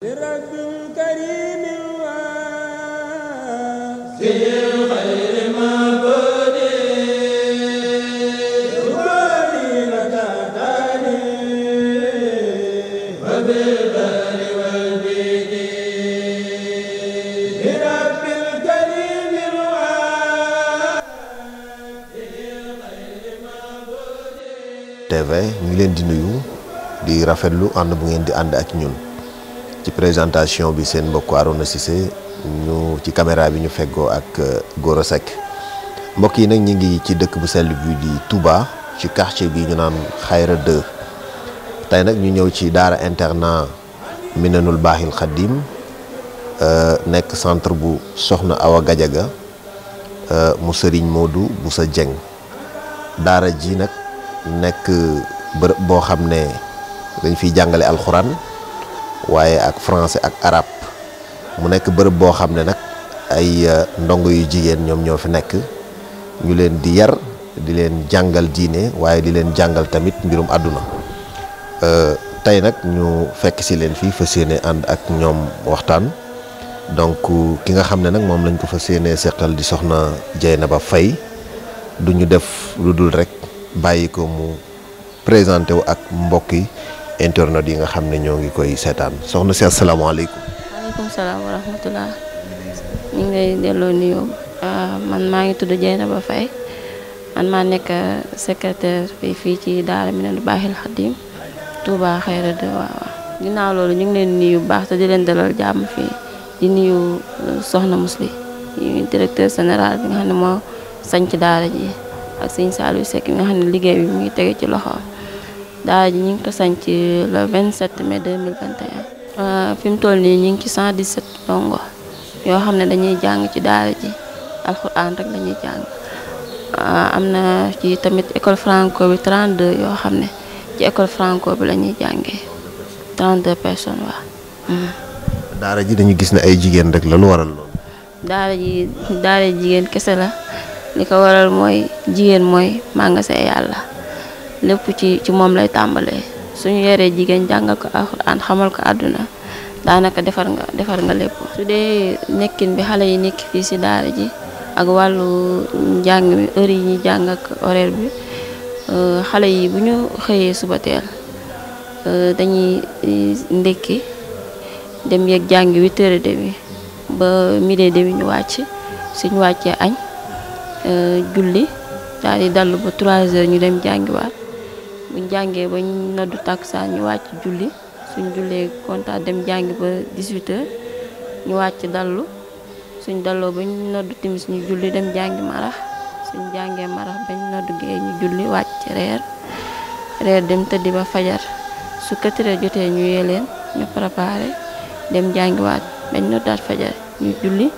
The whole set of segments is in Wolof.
TV ñu ngi leen di nuyu di rafetlu ànd bu ngeen di ànd ak ñun ci présentation bi seen mbokk na Cissé ñu ci caméra bi ñu feggoo ak euh, góor Seck mbokk yi nag ñu ngi ci dëkk bu sell bi di Touba ci quartier bi ñu naan Xayra 2 tey nag ñu ñëw ci daara internat Minanul Baaxil Xaddim euh, nekk centre bu Soxna Awa Gajaga euh, mu Sëriñ moodu bu sa Jeng daara ji nag nekk bërëb boo xam ne dañ fiy jàngale alxuraan waaye ak français ak arabe mu nekk bërëb boo xam ne nag ay euh, ndongo yu jigéen ñoom ñoo fi nekk ñu leen di yar di leen jàngal diine waaye di leen jàngal tamit mbirum àdduna euh, tey nag ñu fekk si leen fii fa yéene ànd ak ñoom waxtaan donc ki nga xam ne nag moom lañ ko fa yéene seqal di soxna Dieynaba Faye du ñu def lu dul rek bàyyi ko mu présenté wu ak mbokk yi internet yi nga xam ne ñoo ngi koy seetaan soxna si asalaamaaleykum. waaleykum salaam wa rahmatulah. ñu ngi lay delloo nuyoo euh, man maa ngi tudd ba Faye man maa nekk secretaire bi fii ci Daara Minanul Baaxil Xadim Touba Xayra de waaw ginnaaw loolu ñu ngi leen nuyu bu baax te di leen dalal jàmm fii di nuyu soxna Mously directeur sénéral bi nga xam ne moo sañc daara ji ak sëñ Saliou Seck bi nga xam ne liggéey bi mu ngi tege ci loxoom. daara ji ñu ngi ko sanc le 27 mai 2021 euh, fi mu toll nii ñu ngi ci 117 dongo yoo xam ne dañuy jàng ci daara ji alxuraan rek lañuy jàng euh, am na ci tamit école franco bi 32 yoo xam ne ci école franco bi lañuy jànge jàngee 32 personnes waa hmm. daara ji dañu gis ne ay jigéen rek la lu waral loolu. daara ji daara jigéen kese la li ko waral mooy jigéen mooy mànga sa yàlla. lépp ci ci moom lay tàmbalee suñu yaree jigéen jàngal ko alxuraan xamal ko àdduna daanaka defar nga defar nga lépp su dee nekkin bi xale yi nekk fii si daara ji ak wàllu njàng mi heure yi ñuy jàng ak horaire bi euh, xale yi bu ñu xëyee suba teel euh, dañuy euh, ndékki dem yeeg jàngi huit heures et ba midi et demi ñu wàcc suñ wàccee añ julli daal di dallu ba trois heures ñu dem jàngiwaat buñ jàngee ba noddu takkusaan ñu wàcc julli suñ jullee kontaan dem jàngi ba 18 ñu wàcc dallu suñ dalloo bañ noddu timis ñu julli dem jàngi marax suñ jàngee marax bañ noddu gee ñu julli wàcc reer reer dem tëddi ba fajar su këttiree jotee ñu yee ñu préparé dem jàngiwaat bañ noddaat fajar ñu julli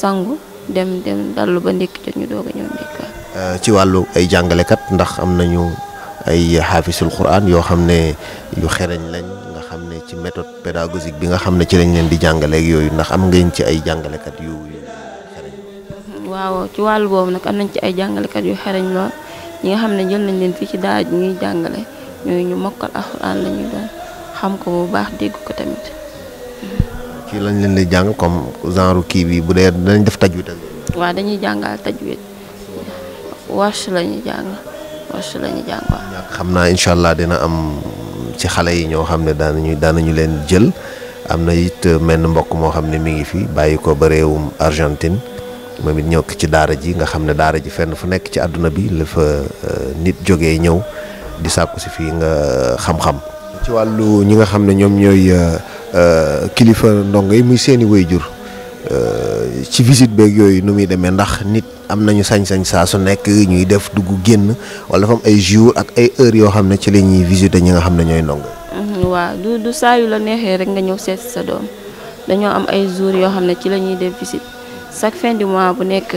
sangu dem dem dallu ba ndékki jot ñu doog a ñëw ndékkiwaat. Euh, ay xaafisul quran yoo xam ne yu xereñ lañ nga xam ne ci méthode pédagogique bi nga xam ne ci lañ leen di jàngaleeg yooyu ndax am ngeen ci ay jàngalekat yu ci wàllu boobu nag am nañ ci ay jàngalekat yu xereñ lool ñi nga xam ne jël nañ leen fii ci daara ji ñuy jàngale ñooy ñu mokkal alxuraan la ñuy doon xam ko bu baax dégg ko tamit. ci lañ leen di jàng comme genre kii bi bu dee dañ def tajwid. waaw dañuy jàngal tajwid warsh la jàng. wasu la ñu xam naa incha allah dina am ci xale yi ñoo xam ne daanañu daanañu leen jël am na it menn mbokk moo xam ne mi ngi fi bàyyi ko ba réewum Argentine moom it ñëw ci daara ji nga xam ne daara ji fenn fu nekk ci àdduna bi la fa euh, nit jóge ñëw di sàkku si fii nga euh, xam-xam ci wàllu ñi nga xam ne ñoom ñooy euh, kilifa ndongo yi muy seeni jur ci visite beeg yooyu nu muy demee ndax nit am nañu sañ-sañ saa su nekk ñuy def dugg génn wala dafa am ay jours ak ay heures yoo xam ne ci la ñuy visiter ñi nga xam ne ñooy ndongo. waaw du la neexee rek nga ñëw seet sa doom dañoo am ay jours yoo xam ne ci lañuy ñuy def visite chaque fin du mois bu nekk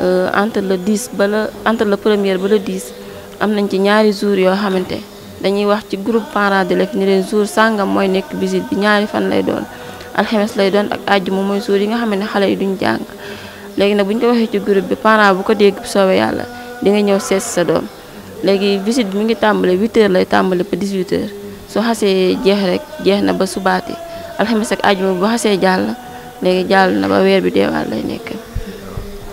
euh, entre le 10 bala la entre le premier ba le 10 am nañ ci ñaari jours yoo xamante dañuy wax ci groupe parents d'élèves ni leen jour sàngam mooy nekk visite bi ñaari fan lay doon. alxames lay doon ak àjjuma mooy suur yi nga xam ne xale yi duñ jàng léegi nag bu ñu ko waxee ci groupe bi parent bu ko dégg bu soobee yàlla di nga ñëw seet sa doom léegi visite bi mu ngi tàmbale 8 lay tàmbale ba 18h su xasee jeex rek jeex na ba subaati alxames ak àjjuma bu xasee jàll léegi jàll na ba weer bi deewaat lay nekk.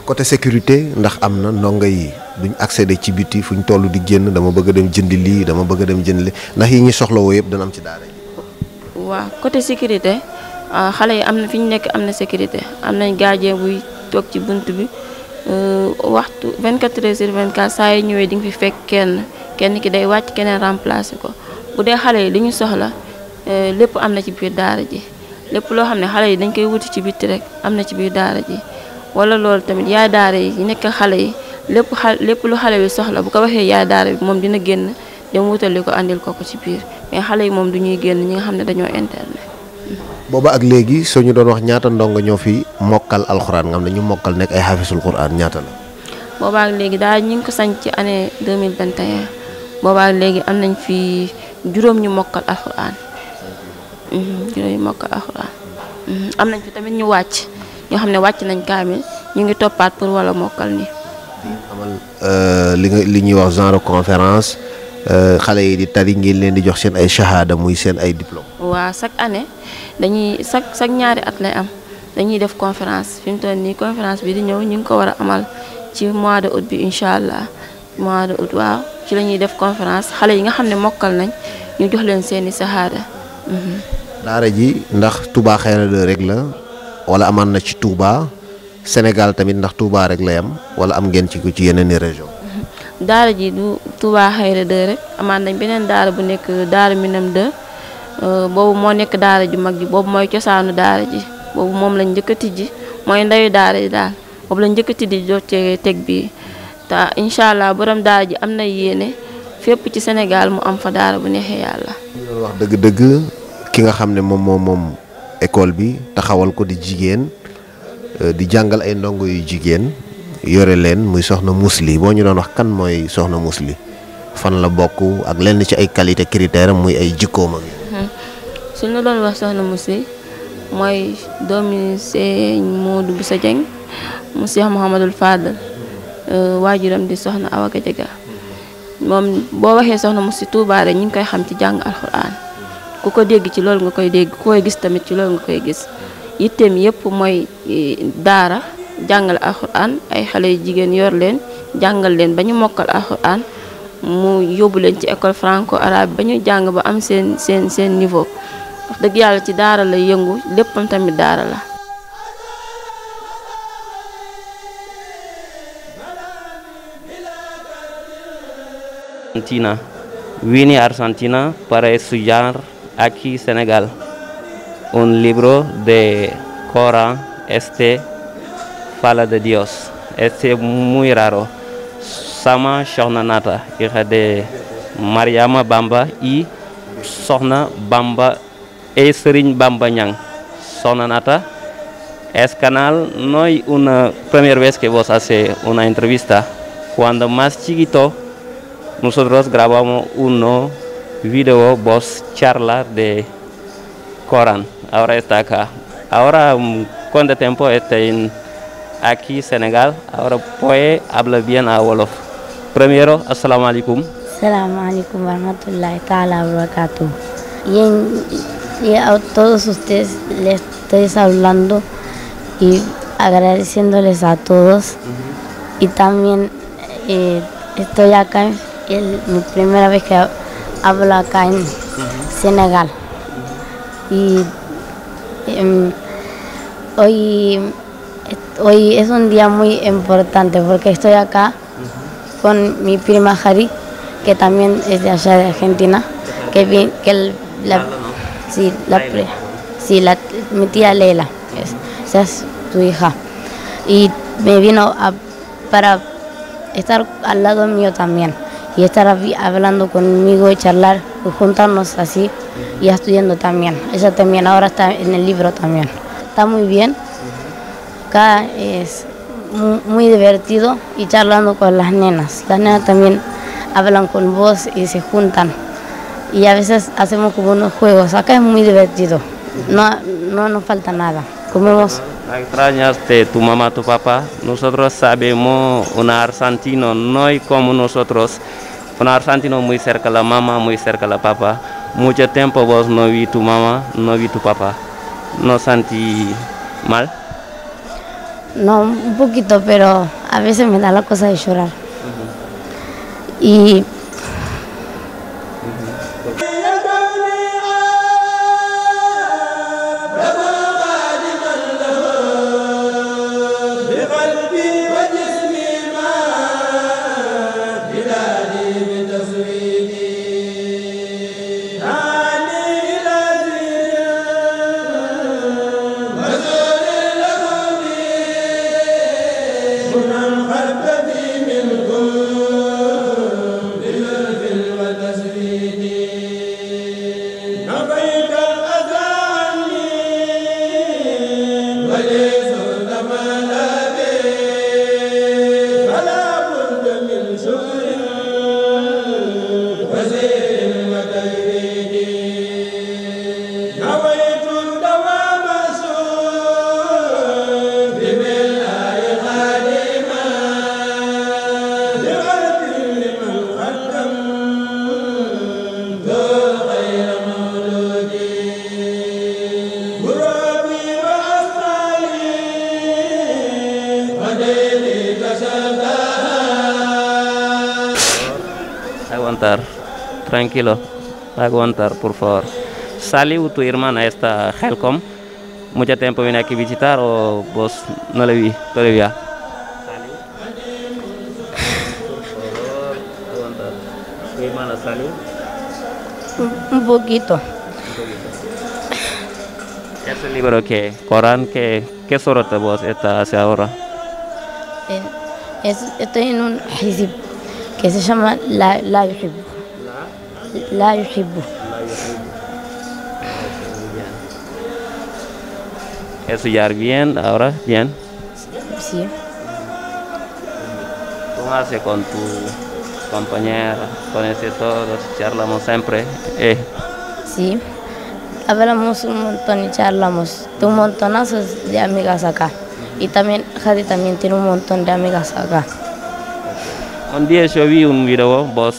côté sécurité ndax am na ndongo yi duñ accéder ci fu ñu toll di génn dama bëgg dem jënd lii dama bëgg dem jënd lii ndax yi ñuy soxlawoo yëpp dana am ci Ah, xale yi am na fi ñu nekk am na sécurité am nañ gardien buy toog ci bunt bi euh, waxtu 24 heures vingt 24 saa yi ñëwee di nga fi fekk kenn kenn ki day wàcc keneen remplacer ko bu dee xale yi li ñu soxla euh, lépp am na ci biir daara ji lépp loo xam ne xale yi dañ koy wuti ci bitti rek am na ci biir daara ji wala loolu tamit yaay daara yi ñu nekk xale yi lépp xal lépp lu xale bi soxla bu ko waxee yaay daara bi moom dina génn dem wutali ko andil ko ko ci mais xale yi moom du ñuy génn ñi nga xam ne dañoo internet booba ak léegi soo ñu doon wax ñaata ndongo ñoo fi mokkal alxuraan ngam xam mokkal nekk ay xaafisul xuraan ñaata la. booba ak léegi daal ñu ngi ko sañ ci année 2021 booba ak léegi am nañ fi juróom ñu mokkal alxuraan mhm, juróom ñu mokkal alxuraan mhm, am nañ fi tamit ñu wàcc ñoo xam ne wàcc nañ kaamil ñu ngi toppaat pour wala mokkal ni amal euh, li li ñuy wax genre conférence euh, xale yi di tari ngeen leen di jox seen ay shahada muy seen ay diplôme waa chaque année dañuy chaque chaque ñaari at lay am dañuy def conférence fi mu toll nii conférence bi di ñëw ñu ngi ko war a amal ci mois de août bi incha allah mois de out waa ci la ñuy def conférence xale yi nga xam ne mokkal nañ ñu jox leen seeni saxaada. Mhm. daara ji ndax Touba Xayra 2 rek la wala amaan na ci Touba Sénégal tamit ndax Touba rek lay am wala am ngeen ci ko ci yeneen région mhm. daara ji du Touba Xayra 2 rek amaan nañ beneen daara bu nekk daara Euh, boobu moo nekk daara ju mag ji boobu mooy cosaanu daara ji boobu moom lañ njëkk a tijji mooy ndeyu daara ji daal boobu lañ njëkk a tijji jot cee teg bii te incha allah borom daara ji am na yéene fépp ci senegal mu am fa daara bu neexee yàlla. wax dëgg-dëgg ki nga xam ne moom moom école bi taxawal ko di jigéen euh, di jàngal ay ndongo yu jigéen yore leen muy soxna musli boo ñu doon wax kan mooy soxna musli fan la bokk ak lenn ci ay qualité critère muy ay jikkooma ak suñu la doon wax soxna Moussi mooy doomi moo dugg sa Dieng mu Cheikh Mouhamadul Fadal euh, waajuram di soxna Awa Gadiaga moom boo waxee soxna Moussi Touba rek ñu ngi koy xam ci jàng alxuraan ku ko dégg ci loolu nga koy dégg ku koy gis tamit ci loolu nga koy gis yitteem yépp mooy e, daara jàngale alxuraan ay xale yu jigéen yor leen jàngal leen ba ñu mokkal alxuraan mu yóbbu leen ci école franco arabe ba ñu jàng ba am seen seen seen niveau wax dëgg yàlla ci daara la yëngu léppam tamit daara la. Argentina vine Argentina para estudiar aquí Senegal un libro de Corán este fala de Dios este muy raro sama Soxna Naata hija de Mariama Bamba y Soxna Bamba e Serigne Bamba Ñang Sohna es canal no una primera vez que vos hace una entrevista cuando más chiquito nosotros grabamos uno video vos charla de Corán ahora está acá ahora um, cuánto tiempo está en aquí Senegal ahora puede hablar bien a wolof primero asalaamaaleykum asalaamaaleykum wa rahmatulahi taala wa barakatuh yéen y a todos ustedes les estoy hablando y agradeciéndoles a todos. Y también eh, estoy acá, es primera vez que hablo acá en Senegal. Y hoy, es un día muy importante porque estoy acá con mi prima Jari, que también es de allá de Argentina, que, la, Sí, la, mi tía Leila, esa es tu hija. Y me vino a, para estar al lado mío también y estar hablando conmigo y charlar, juntarnos así y estudiando también. Ella también ahora está en el libro también. Está muy bien. Acá es muy divertido y charlando con las nenas. Las nenas también hablan con vos y se juntan. y a veces hacemos como unos juegos. Acá es muy divertido, no, no falta nada. Comemos. No extrañaste tu mamá, tu papá. Nosotros sabemos un argentino, no hay como nosotros. Un argentino muy cerca la mamá, muy cerca la papá. Mucho tiempo vos no tu mamá, no tu papá. ¿No mal? No, un poquito, pero a veces me da la cosa de llorar. aguantar, tranquilo, aguantar, por favor. Sally, tu hermana está Helcom. Mucho tiempo viene aquí a visitar o vos no le vi todavía. ¿Tu hermana Sally? Un poquito. ¿Ese libro يطعن حزب كيتشمع لا لا يحب لا يحب estudiar bien ahora bien sí cómo hace con tu compañera con todos charlamos siempre eh. sí hablamos un montón de amigas acá Y también Jade también tiene montón de amigas acá. Okay. Un día yo vi un video, vos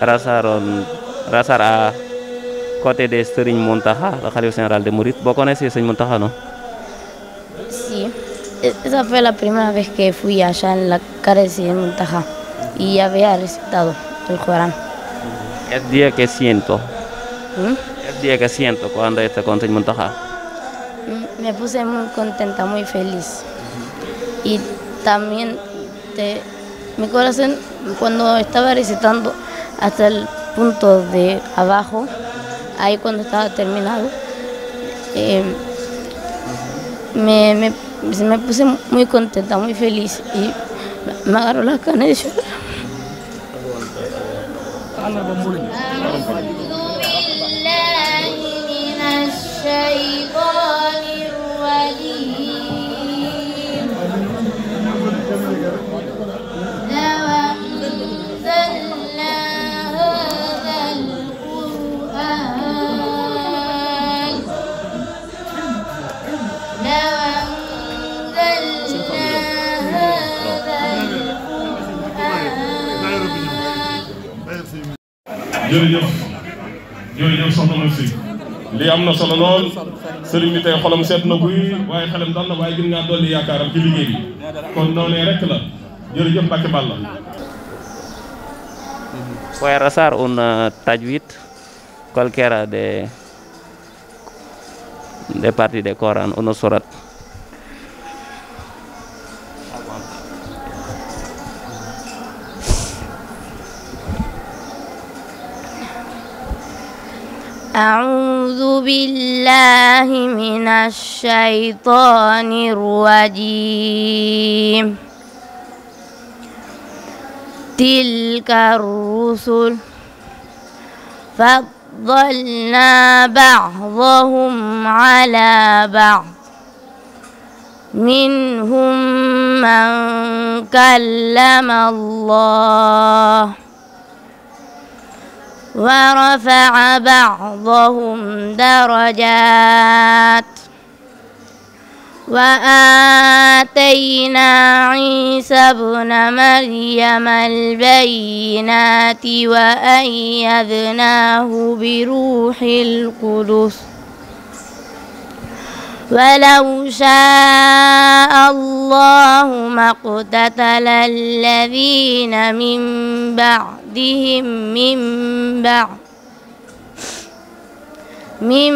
rasaron, um, rasar a ah, côté de Serigne Mountakha, le Khalife général de Mouride. ¿Vos conocés Serigne Mountakha, no? Sí. E, esa fue la primera vez que fui allá en la calle de Mountakha y había recitado el Corán. El día que siento. ¿Mm? El día que siento cuando estoy me puse muy contenta, muy feliz. Uh Y también mi corazón, cuando estaba recitando hasta el punto de abajo, ahí cuando estaba terminado, me, puse muy contenta, muy feliz y me agarró am na solo lool sëriñ bi tey xolam seet na guy waaye xelam dal na waaye gën ngaa dolli yaakaaram ci liggéey bi kon noonee rek la jërëjëf Mbacke Balla Puede rezar un euh, tajwid cualquiera de, de parte de Corán, una euh, surat. أعوذ بالله من الشيطان الرجيم تلك الرسل فضلنا بعضهم على بعض منهم من كلم الله ورفع بعضهم درجات وآتينا عيسى ابن مريم البينات وأيدناه بروح القدس ولو شاء الله ما اقتتل الذين من بعدهم من بعد من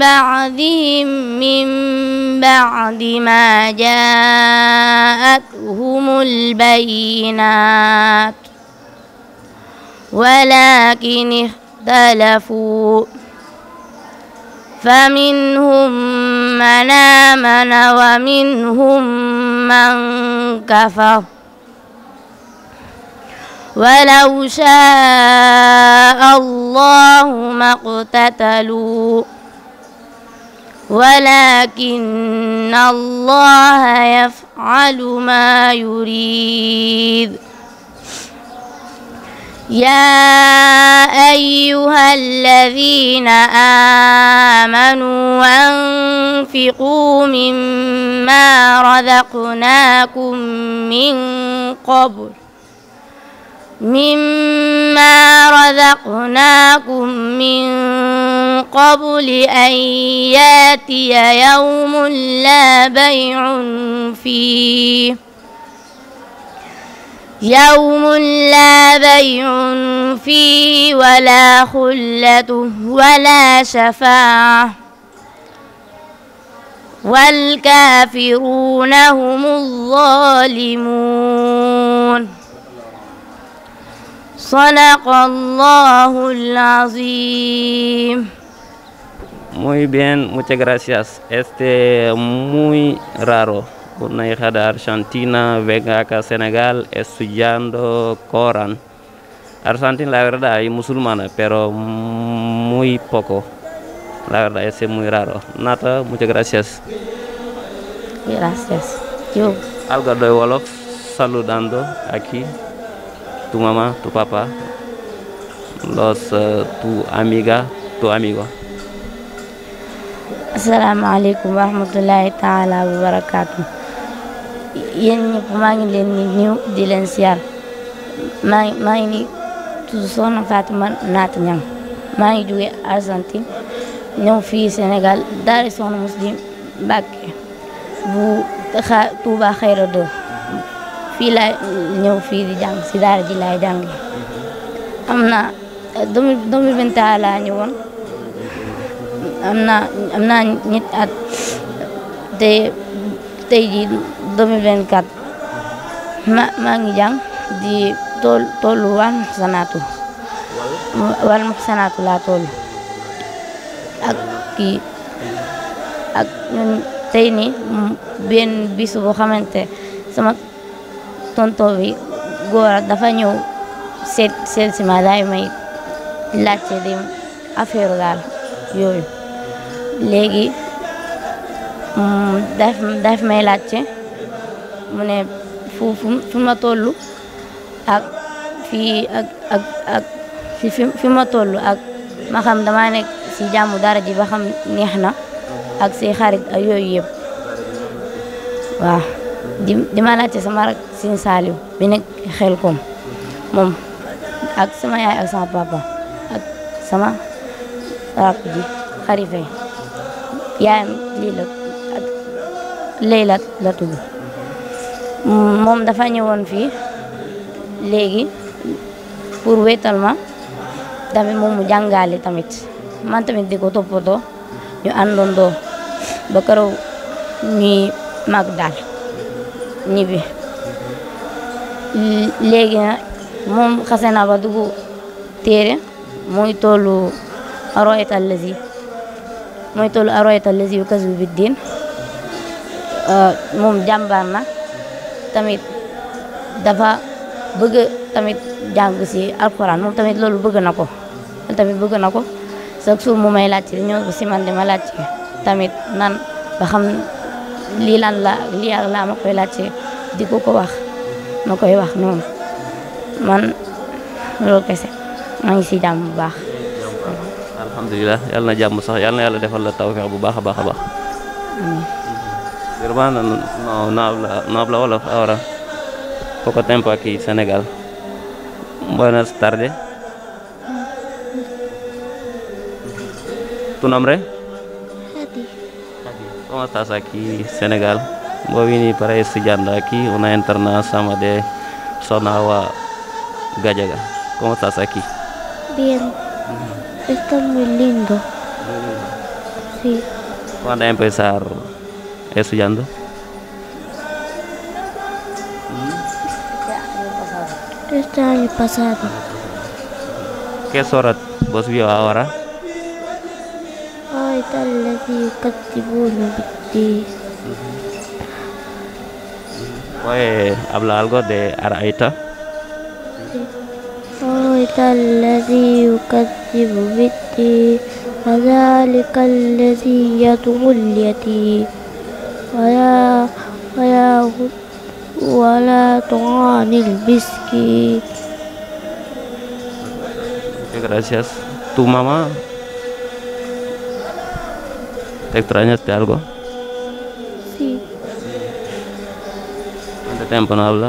بعدهم من بعد ما جاءتهم البينات ولكن اختلفوا فمنهم من آمن ومنهم من كفر ولو شاء الله ما اقتتلوا ولكن الله يفعل ما يريد يا أيها الذين آمنوا أنفقوا مما رزقناكم من قبل مما رزقناكم من قبل أن يأتي يوم لا بيع فيه يوم لا بيع فيه ولا خلة ولا شفاعة والكافرون هم الظالمون صدق الله العظيم Muy bien, muchas gracias. Este muy raro. Kurna y Jada Argentina venga acá Senegal estudiando Corán. Argentina la verdad es musulmana, pero muy poco. La verdad es muy raro. Nata, muchas gracias. Gracias. Yo. Algo de Wolof saludando aquí tu mamá, tu papá, los, eh, tu amiga, tu amigo. Asalaamaaleykum wa rahmatulahi taala wa barakaatu. yéen ñëpp maa ngi leen ni ñëw di leen siyaar maa ngi maa ni tudd Soxna Fatima Naata Ñang maa ngi jóge Argentine ñëw fii Sénégal daara Soxna Muslim Mbàkke bu xa Touba Xayra fii laa ñëw fii di jàng si daara ji laay jàng am na 2021 laa ñëwoon am naa am naa tey jii 2024 ma maa ngi jàng di tool toolu wal muxsanaatu wal muxsanaatu laa tool ak kii ak tey ni benn bis boo xamante sama tonto bi dafa ñëw seet seet si ma daay may laajte di affaire daal yooyu léegi mm, daf daf may laajte mu ne fu fu ma toll ak ma toll ak ma xam dama nekk si jàmmu dara ji ba xam neex na ak say xarit ak yooyu waaw di di ma laajte sama rak sin saaliw bi nekk xel koom moom ak sama yaay ak sama papa ak sama rak ji xarife yaayam lii la ak la la moom dafa ñëwoon fii léegi pour wéetal ma tamit moom mu jàngale tamit man tamit di ko toppatoo ñu àndandoo ba keroog ñuy mag daal ñibbi léegi nag moom xase na ba dugg téere mooy tollu aroyata lazi mooy tollu aroyata lazi yu kas bi diin euh, moom jàmbaar na tamit dafa bëgg tamit jàng si alxuraan moom tamit loolu bëgg na ko tamit bëgg na ko chaque jour mu may laajte ñëw si man di ma laajte tamit nan ba lii lan la lii ak laa ma koy laajte di ko ko wax ma koy wax noonu man loolu kese maa ngi si jàmm bu baax. alhamdulilah yàlla na jàmm sax yàlla na yàlla defal la tawfeex bu baax a baax a baax. Urbano no, no, habla, no habla Wolof ahora. Poco tiempo aquí, Senegal. Buenas tardes. ¿Tu nombre? Hadi. ¿Cómo estás aquí, Senegal? Voy vine para estudiando aquí una internación de Sonawa Gallaga. ¿Cómo estás aquí? Bien. Está muy lindo. Muy lindo. Sí. estudiando. Este año pasado. ¿Qué horas vos vio ahora? Ay, tal vez yo captibuno de... ¿Puede hablar algo de Araita? أرأيت الذي يكذب بالدين فذلك الذي يدعو لهم ولا طعان المسكين ¿Tu mamá te extrañas de algo? Sí. ¿Cuánto tiempo no habla?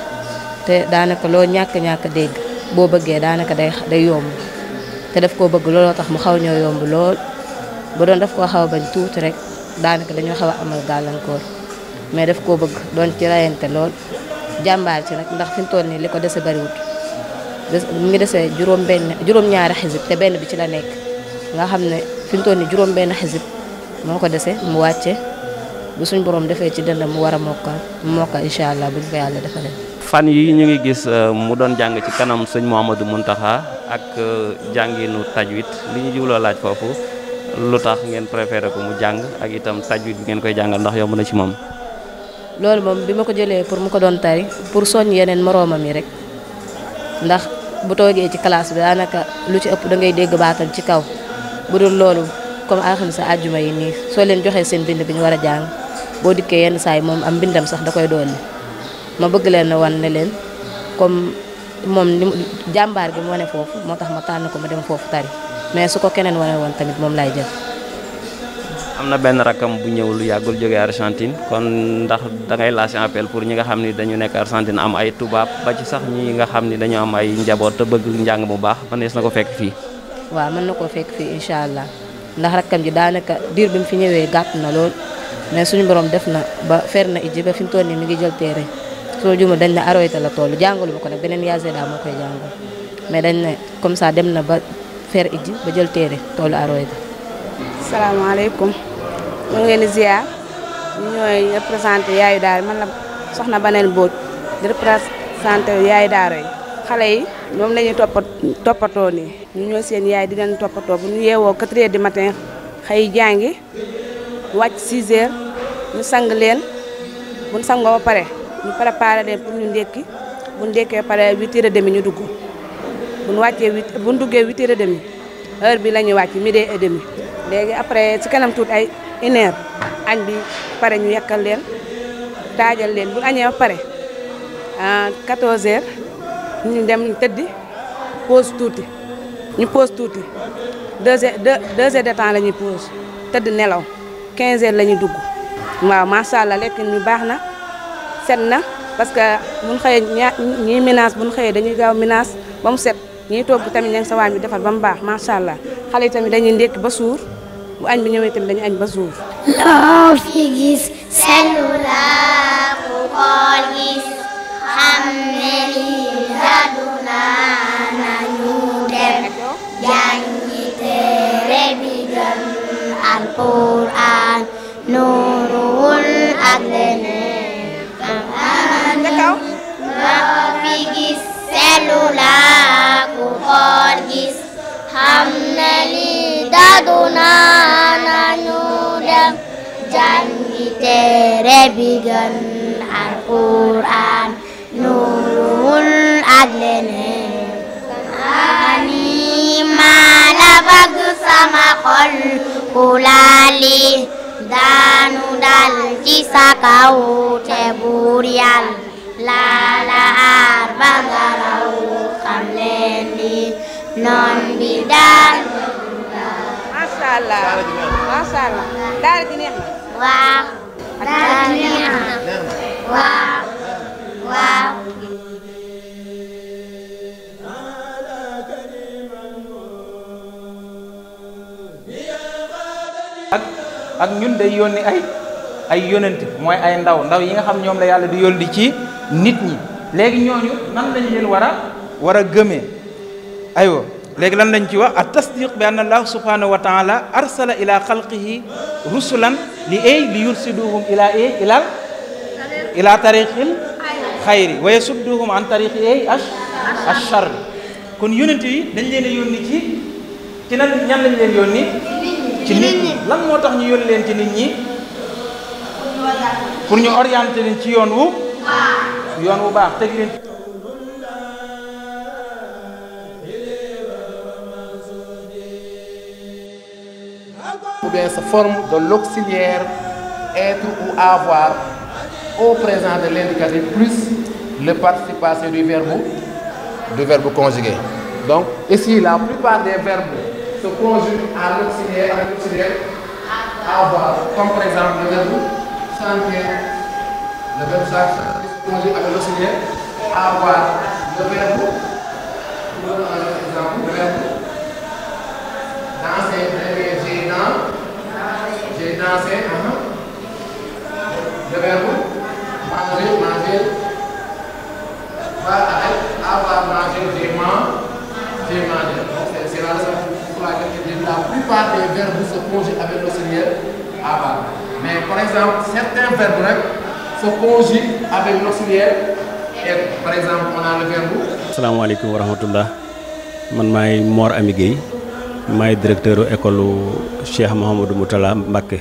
te daanaka loo ñàkk-ñàkk dégg boo bëggee daanaka de day yomb te daf koo bëgg looloo tax mu xaw ñoo yomb lool ba doon daf koo xaw a bañ tuuti rek daanaka dañoo xaw a amal gàllankoor mais daf koo bëgg doon ci rayante lool jàmbaar ci nag ndax fi mu toll nii li ko dese bariwut mu ngi dese juróom benn juróom-ñaari te benn bi ci la nekk nga xam ne fi mu toll nii juróom benn moo ko dese mu wàcce bu suñ borom defee ci dënd mu war a mokkal mu mokkal incha allah buñ ko yàlla defalee fan yi ñu ngi gis euh, mu doon jàng ci kanam sëñ Mouhamadou Mountakha ak euh, taj wit li ñu jiwloo laaj foofu lu tax ngeen préféré ko mu jàng ak itam tajwid bi ngeen koy jàngal ndax yomb na ci moom. loolu moom bi ma ko jëlee pour mu ko doon tari pour soñ yeneen moroomam yi rek ndax bu toogee ci classe bi daanaka lu ci ëpp da ngay dégg baatam ci kaw bu dul loolu comme alxamisa àjjuma yi nii soo leen joxee seen bind bi ñu war a jàng boo dikkee yenn saa yi moom am bindam sax da koy ma bëgg leen wan ne leen comme moom li jàmbaar gi mu wane foofu moo tax ma tànn ko ma dem foofu tari mais su ko keneen wane woon tamit moom laay jël. am na benn rakam bu ñëw lu yàggul jógee Argentine kon ndax dangay lancé appel pour ñi nga xam ni dañu nekk Argentine am ay tubaab ba ci sax ñi nga xam ni dañu am ay njaboot te bëgg njàng bu baax mënees na ko fekk fii. waaw mën na koo fekk fii incha allah ndax rakkam ji daanaka diir bi mu fi ñëwee gàtt na lool mais suñu borom def na ba fer na ijji ba fi mu toll nii mi ngi jël téere soo juumee dañ ne aroyta la toll jàngalu ma ko nag beneen yaazeda moo koy jàngal mais dañ ne comme ça dem na ba fer ijji ba jël téere toolu aroyta. salaamaaleykum ñu ngi leen di ziar ñu ñooy représenté yaayu daara man la soxna Banel Mbodj di représenté yaay daara xale yi ñoom la ñuy toppat toppatoo nii ñoo seen yaay di leen toppatoo bu ñu yewoo 4 heures du matin xëy jàngi wàcc 6 heures ñu sang leen bu ñu sangoo ba pare. ñu préparé leen pour ñu ndékki bu ndékkee pare huit heures et demi ñu dugg bu nu wàccee huit bu ñu duggee huit heures demi heure bi la ñuy wàcc midi et demi léegi après si kanam tuut ay une añ bi pare ñu yekkal leen taajal leen bu añee ba pare ah 14 heures ñu dem tëddi pause tuuti ñu pause tuuti deux heures deux heures de temps la ñuy pause tëdd nelaw quinze heures la ñuy dugg waaw macha allah lekk ñu baax na. set na parce que buñ xëyee ñii ménage buñ xëyee dañuy gaaw ménage ba mu set ñii togg tamit ña ngi sa bi defar ba mu baax macha allah xale yi tamit dañuy ndékki ba suur bu añ bi ñëwee tamit dañuy añ ba suur. loo bi gën alquran xelu laa ku xool gis xam ne li dadu naa nañu dem jàngi téere bi gën alquran nuurul ak leneen ani maa la bëgg sama xol ku laali daanu dal ci sa kaw te buur yàlla laa la aar ba nga raw xam leen ni noon bi daal masha Allah masha Allah daal waaw daal di waaw waaw ak ak yónni ay ay yonent mooy ay ndaw ndaw yi nga xam ñoom la yàlla di yónni ci nit ñi léegi ñooñu nan lañ leen war a war a gëmee aywa léegi lan lañ ci wax a tasdiq bi anna allah subhanahu wa taala arsala ila xalqihi rusulan li ay li yursiduhum ila ay ila ila tariqil xayri wa yasudduhum an tariqi ay ash ashar kon yonent yi dañ leen a yónni ci ci nan ñan lañ leen yónni ci nit ñi lan moo tax ñu yónni leen ci nit ñi pour ñu orienter leen ci yoon wu yoon wu baax teg ou bien sa forme de l'auxiliaire être ou avoir au présent de l'indicatif plus le participe du verbe du verbe conjugué donc ici la plupart des verbes se conjuguent à l'auxiliaire à l'auxiliaire avoir comme par exemple le verbe sanitaire, le verbe sanitaire conjugué avec l'auxiliaire avoir. Le verbe, pour donner un exemple, le verbe danser, j'ai dansé, j'ai dansé, le verbe manger, manger, avoir mangé, j'ai mangé. Donc c'est la raison pour laquelle la plupart des verbes se conjuguent avec l'auxiliaire à balle. Mais par exemple, certains verbes rek se conjuguent avec l'auxiliaire et par exemple on a le verbe. asalaamaaleykum man maay Mor Ami Guèye maay directeur école Cheikh Mouhamadou Moutala Mbacké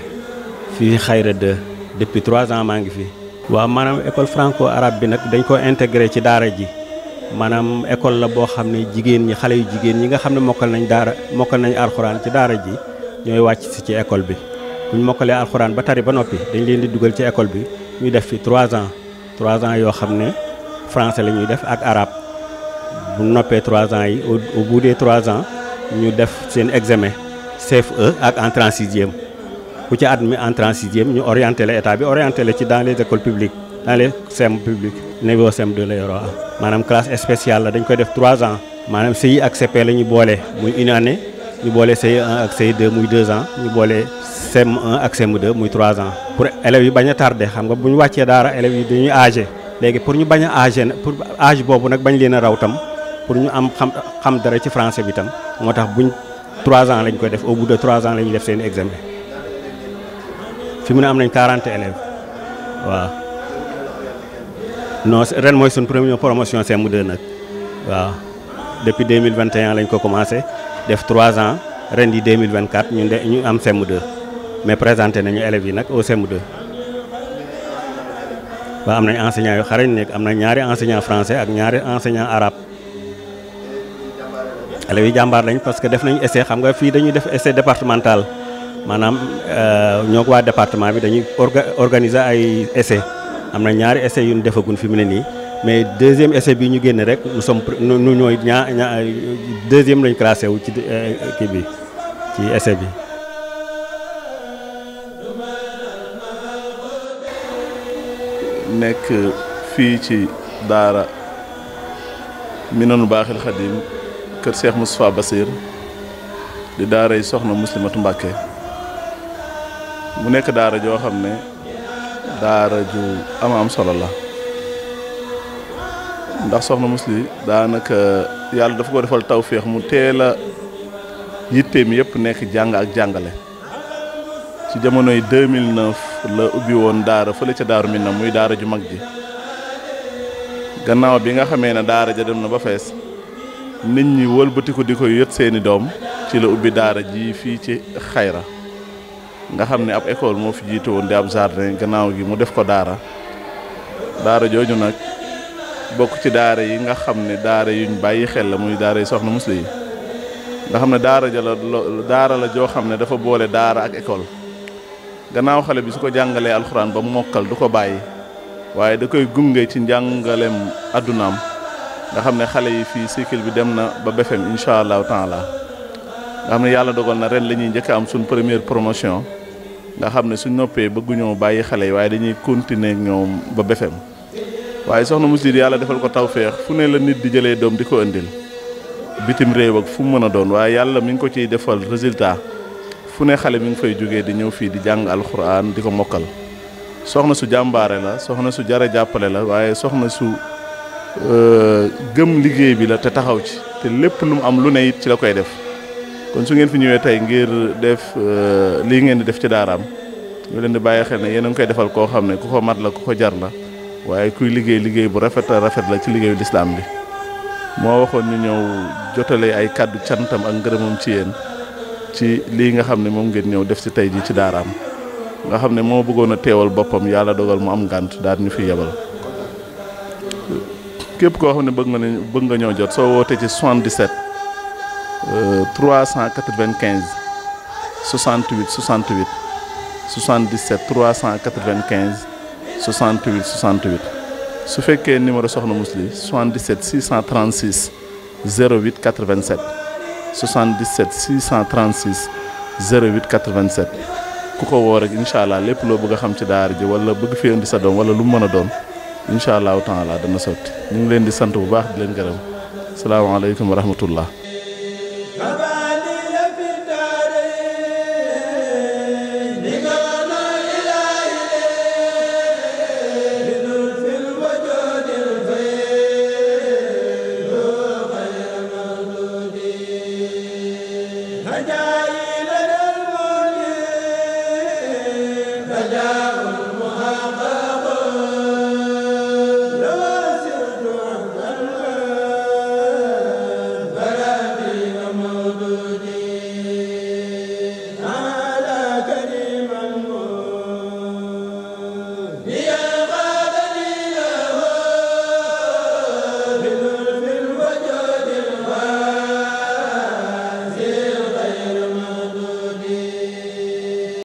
fii Xayra 2 depuis trois ans maa ngi fi. waaw maanaam école franco arabe bi nag dañ ko intégré ci daara ji maanaam école la boo xam ne jigéen ñi xale yu jigéen ñi nga xam ne mokkal nañ daara mokkal nañu alxuraan ci daara ji ñooy wàcc si ci école bi. buñ mokkalee alxuraan ba tari ba noppi dañ leen di dugal ci école bi ñuy def fi trois ans trois ans yoo xam ne français la ñuy def ak arabe bu noppee trois ans yi au bout des trois ans ñu def seen examen CFE ak entrée en sixième ku ci at entrée en sixième ñu orienté la état bi orienté la ci dans les écoles publiques dans les CEM publiques niveau CEM de la yoroo am maanaam classe spéciale la dañ koy def trois ans maanaam CI ak CP la ñu boole muy une année ñu boole CE1 ak CE2 muy 2 ans ñu boole CM1 ak CM2 muy 3 ans pour élèves yi bañ a tardé xam nga bu ñu wàccee daara élèves yi dañuy âgé léegi pour ñu bañ a âgé pour âge boobu nag bañ leen a raw tam pour ñu am xam xam dara ci français bi tam moo tax buñ 3 ans lañ koy def au bout de 3 ans la ñuy def seen examen fi mu ne am nañ 40 élèves waaw non ren mooy suñ première promotion CM2 nag waaw depuis 2021 lañ ko commencé. def trois ans ren yi 2024 ñu de ñu am cm mais présenter nañu élèves yi nag au CM2 ba am nañ enseignants yu xarañ nekk am na ñaari enseignant français ak ñaari enseignant arabe élèves yi jàmbaar lañ parce que def nañu essai xam nga fii dañuy def essai départemental maanaam euh, ñoo ko waa département bi dañuy organiser ay essai am na ñaari essai yu ñu defagun fi mu ne nii mais deuxième essai bi ñu génne rek nous sommes nu ñooy ñaa ñaa deuxième lañu classé wu ci euh, kii bi ci essai bi. nekk fii ci daara mi Minanu Baaxil Xadim kër Cheikh Moustapha Bassir di daara yi soxna Muslimatu Mbàkke mu nekk daara joo xam ne daara ju am am solo la. ndax soxna Mously daanaka yàlla dafa ko defal taw tawféex mu teel a yitteem yëpp nekk jàng ak jàngale ci jamonoy 2009 la ubbi woon daara fële ca daaru na muy daara ju mag ji gannaaw bi nga xamee ne daara ja dem na ba fees nit ñi walbatiku di ko yët seeni doom ci la ubbi daara ji fii ci xayra nga xam ne ab école moo fi jiitu woon di ab jardin gannaaw gi mu def ko daara daara jooju nag. bokk ci daara yi nga xam ne daara yuñ bàyyi xel la muy daara yi soxna musli yi nga xam ne daara ja la daara la joo xam ne dafa boole daara ak école gannaaw xale bi su ko jàngalee alxuraan ba mokkal du ko bàyyi waaye da koy gunge ci njàngaleem addunaam nga xam ne xale yi fii cycle bi dem na ba BFEM incha allahu taala nga xam ne yàlla dogal na ren la ñuy njëkk am suñ première promotion nga xam ne suñ noppee bëgguñoo bàyyi xale yi waaye dañuy continuer ñoom ba BFEM waaye soxna Musli yàlla defal ko tawféex fu ne la nit di jëlee doom di ko indil bitim réew fu mu mën a doon waaye yàlla mi ngi ko ciy defal résultat fu ne xale mi ngi fay jógee di ñëw fii di jàng alxuraan di ko mokkal soxna su jàmbaare la soxna su jare jàppale la waaye soxna su euh, gëm liggéey bi la te taxaw ci te lépp lu mu am lu ne it ci la koy def kon su ngeen fi ñëwee tey ngir def euh, lii ngeen di def ci daaraam ñu leen di bàyyi xel ne yéen a ngi koy defal koo xam ne ku ko mat la ku ko jar waaye kuy liggéey liggéey bu rafet rafet la ci liggéeyu lislaam bi moo waxoon ñu ñëw jotale ay kàddu cantam ak ngërëmam ci yéen ci lii nga xam ne moom ngeen ñëw def si tey ji ci daaraam nga xam ne moo bëggoon a teewal boppam yàlla dogal mu am ngànt daal ñu fi yebal képp koo xam ne bëgg nga ne bëgg nga ñoo jot soo wootee ci 77 395 68 68 77 395. 68 68 su fekkee numéro soxna Mously 77 636 08 87 77 636 08 87 ku ko woo rek incha allah lépp loo bëgg a xam ci daara ji wala bëgg fi indi sa doom wala lu mu mën a doon incha allahu taala dana sotti ñu ngi leen di sant bu baax di leen gërëm salaamaaleykum wa rahmatullah